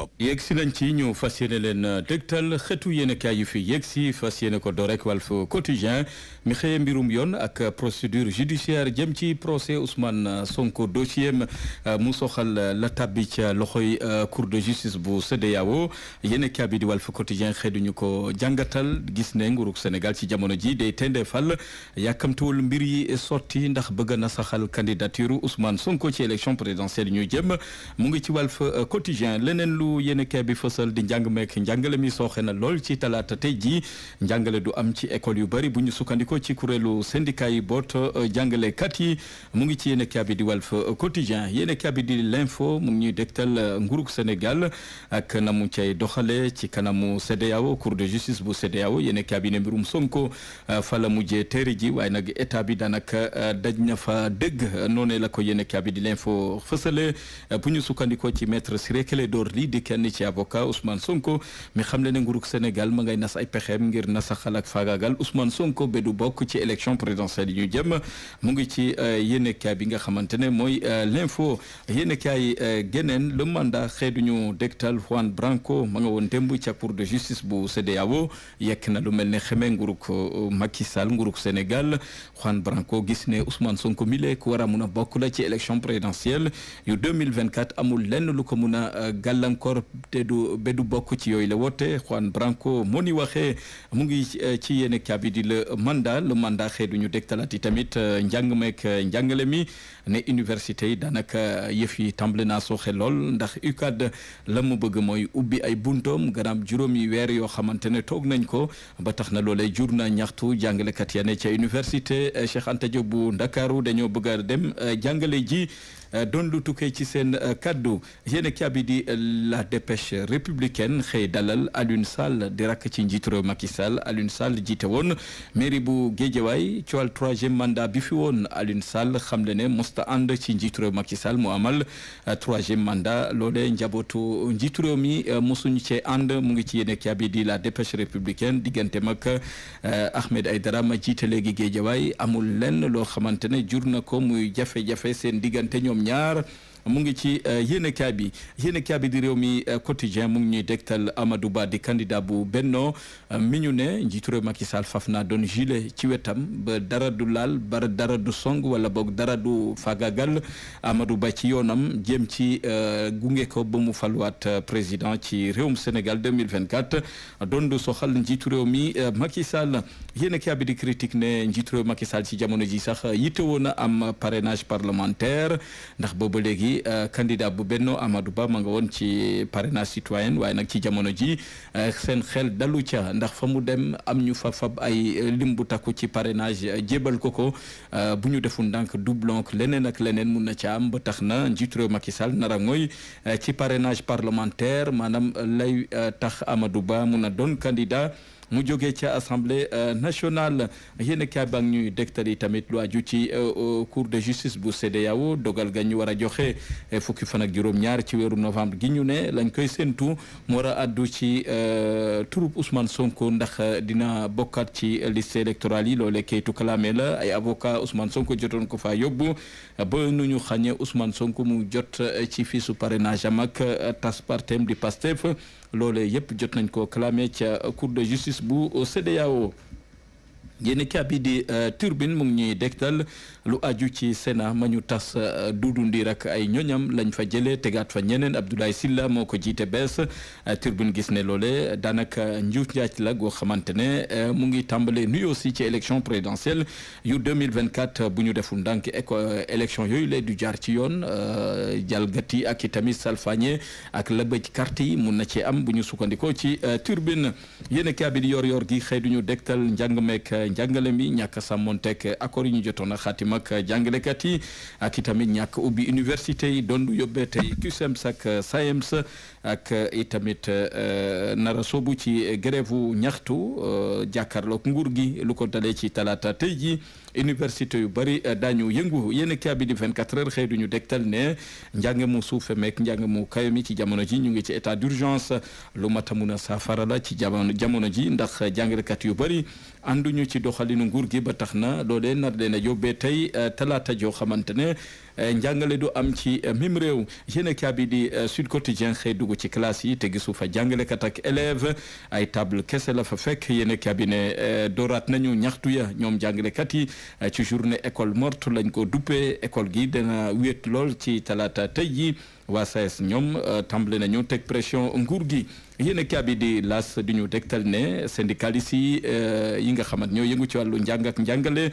bopp. yegg si nañ ci ñu fas yéene leen euh, dégtal xeetu yéenekaay yu fi yegg si fas yéene ko door rek Walf Quotidien mi xëyee mbirum yoon ak procédure judiciaire jëm ci procès Ousmane euh, Sonko dossier euh, mu soxal la tàbbi ca loxoy cour de justice bu CEDEAO yéenekaay bi di Walf Quotidien xëy ñu ko jàngatal gis ne nguurug Sénégal ci jamono ji day tendeefal yàkkamtuwul mbir yi sotti ndax bëgg na saxal candidature Ousmane Sonko ci élection présidentielle ñu jëm mu ngi ci Walf lu yéen kay bi fësal di njàng meek njàngale mi sooxe na lool ci talaata tey jii njàngale du am ci école yu bari bu ñu sukkandikoo ci kuréelu syndicat yi boot euh, jàngalekat yi mu ngi ci yéen kay bi di Walf Quotidien yéen kay bi di l'info mu ngi ñuy dégtal euh, nguurug Sénégal ak na mu cay doxale ci kanamu CEDEAO cour de justice bu CEDEAO yéen kay bi ne mbirum Sonko euh, fa la mujjee teere ji waaye nag état bi daanaka daj na fa dëgg noonee ko yéen kay di l'info fësale di kenn ci avocat Ousmane Sonko mi xam le ne nguurug Sénégal ma ngay nas ay ngir nasaxal ak faagaagal Ousmane Sonko ba bokk ci élection présidentielle yi ñu mu ngi ci euh, yéenekaay bi nga xamante ne mooy euh, l'info yéenekaay euh, geneen le mandat ñu dégtal Juan Branco ma nga woon démb ca cour de justice bu CEDEAO yekk na lu mel ne xeme nguurug Macky Sall nguurug Sénégal Juan Branco gis ne Ousmane Sonko mi lekk war a mun a bokk la ci élection présidentielle yu amul lenn lu encore te du be bokk ci yooyu la woote Juan Branco moo ni waxee mu ngi eh, ci yéen kaabi di le mandat le mandat xëy du ñu dégtalaat yi tamit eh, njàng meek eh, njàngale mi ne université yi daanaka yëf yi tàmbale naa sooxe lool ndax UCAD la mu bëgg mooy ubbi ay buntoom gannaaw juróomi weer yoo xamante ne toog nañ ko ba tax na loolee jur na ñaxtu jàngalekat ya ne ca université Cheikh Anta bu Ndakaaru dañoo bëgg a dem jàngale ji doon lu ci seen kaddu yéen kaabi la dépêche républicaine xëy dalal Alioune Sall di ci njiitu réew Macky Sall Alioune Sall jiite woon mairie bu Guédiawaye ci wàllu troisième mandat bi fi woon Alioune Sall xam ne mosta ànd ci njiitu réew Macky Sall mu amal euh, troisième mandat loolee njabootu njiitu réew mi euh, mosuñu cee ànd mu ngi ci yéene kii bi di la dépêche républicaine diggante mag euh, Ahmed Aïdara ma jiite léegi Guédiawaye amul lenn loo xamante ne jur na ko muy jafe-jafe seen diggante ñoom ñaar. mu ngi ci euh, yéenekaay bi yéenekaay bi di réew mi euh, quotidien mu ngi ñuy dégtal Amadou Ba di candidat bu Benno euh, mi ñu ne njiitu réew Macky Sall faf naa doon gilet ci wetam ba dara du laal ba dara du song wala boog dara du fagagal Amadou Ba ci yoonam jëm ci gunge ko ba mu faluwaat président ci réewum Sénégal 2024 doon du soxal njiitu réew mi Macky Sall yéenekaay bi di critique ne njiitu réew Macky ci jamono ji sax yittewoo na am parrainage parlementaire ndax booba léegi yi euh, candidat bu Benno Amadou Ba ma nga woon ci parrainage citoyen waaye nag ci jamono ji euh, seen xel dalu ca ndax fa mu dem am ñu fa fab ay euh, lim bu takku ci parrainage jébal ko ko bu ñu deful ndànk doublon leneen ak leneen mun na ca am ba tax na njiitu réew Macky Sall nara mooy ci parrainage parlementaire maanaam lay tax Amadou Ba mun a doon candidat mu jógee ca assemblée euh, nationale yéen a kaay ba ñuy dégtal yi tamit lu aju ci euh, euh, cour de justice bu CEDEAO dogal ga ñu war a joxe fukki fan ak juróom-ñaar ci weeru novembre gi ñu ne lañ koy séntu mu war a addu ci turub Ousmane Sonko ndax dina bokkaat ci liste électorale yi loolee kayitu kalaame la ay avocat Ousmane Sonko jotoon ko faa yóbbu ba nu ñu xàññee Ousmane Sonko mu jot ci fii su parrainage am ak tas partem di Pastef loole yëpp jot nañ ko kalaame ca cour de justice. bu CEDEAO yéen kaabi di euh, turbine mu ngi ñuy dégtal lu aju ci Sénat ma ñu tas euh, Doudou Ndir ak ay ñoñam lañ fa jëlee tegaat fa ñeneen Abdoulaye Sylla moo ko jiite bees euh, turbine gis ne loole daanaka njuuj njaaj la goo xamante ne mu ngi tàmbale nuy aussi ci élection présidentielle yu 2024 bu ñu defu ndànk eko élection yooyu lay du jaar ci yoon jalgati ak i tamit salfañe ak la bëj carte yi mun na cee am bu ñu sukkandikoo ci turbine yéen kaabi di yor-yor gi xëy ñu dégtal njàng meek njàngale mi ñàkk a sàmmonteeg accord yi ñu jotoon a xaatim ak jàngalekat yi ak itamit ñàkk ubbi université yi doon yóbbee tey CUSEMS ak SAEMS ak itamit euh, nara soobu ci grève ñaxtu euh, jàkkaarloog nguur gi lu ko dalee ci talaata tey ji université yu bari euh, daañu yëngu yenn a bi di 24 heures xëy duñu dégtal ne njàng mu suufe meek njàng mu kayo mi ci jamono ji ñu ngi ci état d'urgence lu matamun a saafara la ci jamono jamono ji ndax jàngalekat yu bari ànduñu ci do doxalinu nguur gi ba tax na loolee nar leen a yóbbee tey eh, talaata joo xamante ne Eh, njàngale du am ci eh, même réew yéen bi di eh, Sud Quotidien xëy dugg ci classe yi te gisu fa jàngalekat ak élève ay table kese la fa fekk yéen a ne dooraat nañu ñaxtu ya ñoom jàngalekat yi ci journée école morte lañ ko duppee école gi dana wét lool ci talaata tey yi waa SAES e ñoom tàmbale nañu teg pression nguur gi yéen a kaabi di las di ñu dégtal ne syndicalistes yi yi nga xamante ñoo yëngu ci wàllu njàng ak njàngale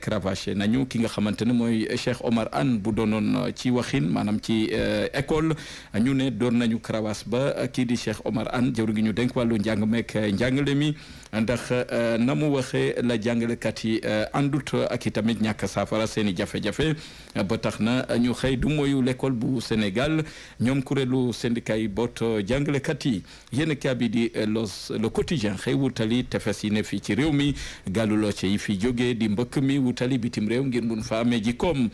cravaché nañu ki nga xamante ne mooy Cheikh Omar Anne Bougane bu doonoon euh, ci waxin maanaam ci euh, école ñu ne door nañu karawaas ba kii di Cheikh Omar Anne jawru ñu dénk wàllu njàng meek euh, njàngale mi ndax na mu waxee la jàngalekat yi àndut ak i tamit ñàkk saafara seen i jafe-jafe ba tax na ñu xëy du moyu l'école bu Sénégal ñoom kuréelu syndicat yi boot jàngalekat yi yenn a bi di los le quotidien xëy wutali tefes yi ne fii ci réew mi gàllu ci fi jógee di mbëkk mi wutali bitim réew ngir mun fa amee ji koom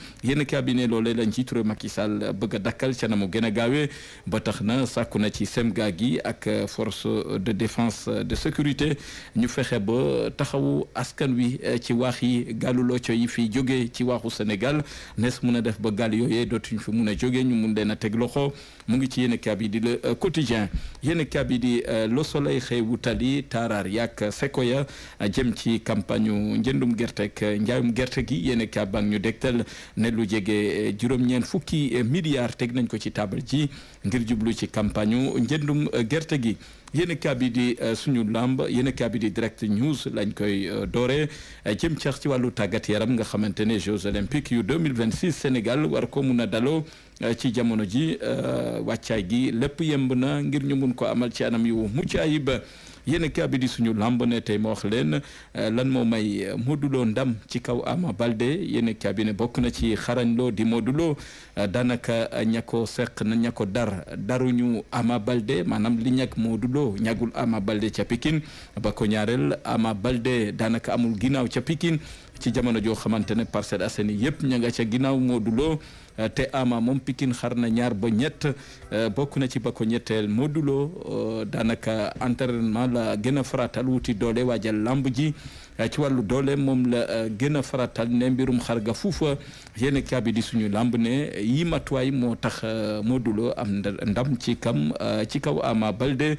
bi ne loolee lañ ci ture Macky Sall bëgg a dakkal ca na mu gën a gaawee ba tax na sàkku na ci gaa gi ak force de défense de sécurité ñu fexe ba taxawu askan wi eh, ci waax yi gaalu locco yi fi jóge ci waaxu Sénégal nees mun a def ba gaal yooyee dootuñ fi mun a jógee ñu mun leen a teg loxo mu ngi ci yéen a yi di le quotidien yéen a yi di eh, le soleil xëewu tali taaraar yaak sekoya eh, jëm ci campagne njëndum gertek njaayum gerte gi yéen a ñu dégtal Eh, juróom-ñeent fukki eh, milliards teg nañ ko ci taabal ji ngir jublu ci campagne u njëndum eh, gerte gi yéen a di suñu lamb yéen a di direct news lañ koy doore jëm ceex ci wàllu tàggat yaram nga xamante ne Jeux olympiques yu 2026 Sénégal war ko mun a daloo ci jamono ji wàccaay gi lépp yemb na ngir ñu ko amal ci anam yu mucc ayib yéen a di suñu lamb ne tey ma wax leen euh, lan moo may euh, Modou Lo ndam ci kaw Ama balde yéen a ne bokk na ci xarañ loo di Modou Lo euh, daanaka ña seq na ña dar daruñu Ama Baldé maanaam li ñag Modou Lo ñagul Ama balde ca Pikine ba ko ñaareel Ama Baldé daanaka amul ginnaaw ca Pikine ci jamono joo xamante ne Parcelles Assainies yëpp ña nga ca ginnaaw Modou Lo euh, te ama moom Pikine xar na ñaar ba ñett euh, bokk na ci ba ko ñetteel Modou Lo euh, daanaka entraînement la gën a faratal wuti doole waajal lamb ji. Eh, ci wàllu doole moom la eh, gën a faratal ne mbirum xar ga fuufa yéen kaabi di suñu làmb ne yi matuwaay moo tax eh, Modou Lo am ndam ci kam ci kaw Ama Baldé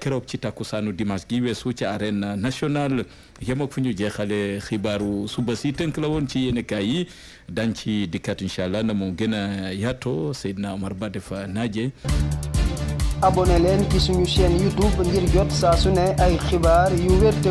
keroog ci takkusaanu dimanche gi weesu ci arène nationale yemoog fu ñu jeexale xibaaru suba si tënk la woon ci yéen kaay yi dañ ci dikkaat incha na mu gën a yaatoo Seydina Omar Ba defa naaje abonné leen suñu chaîne YouTube ngir jot saa su ay xibaar yu wér te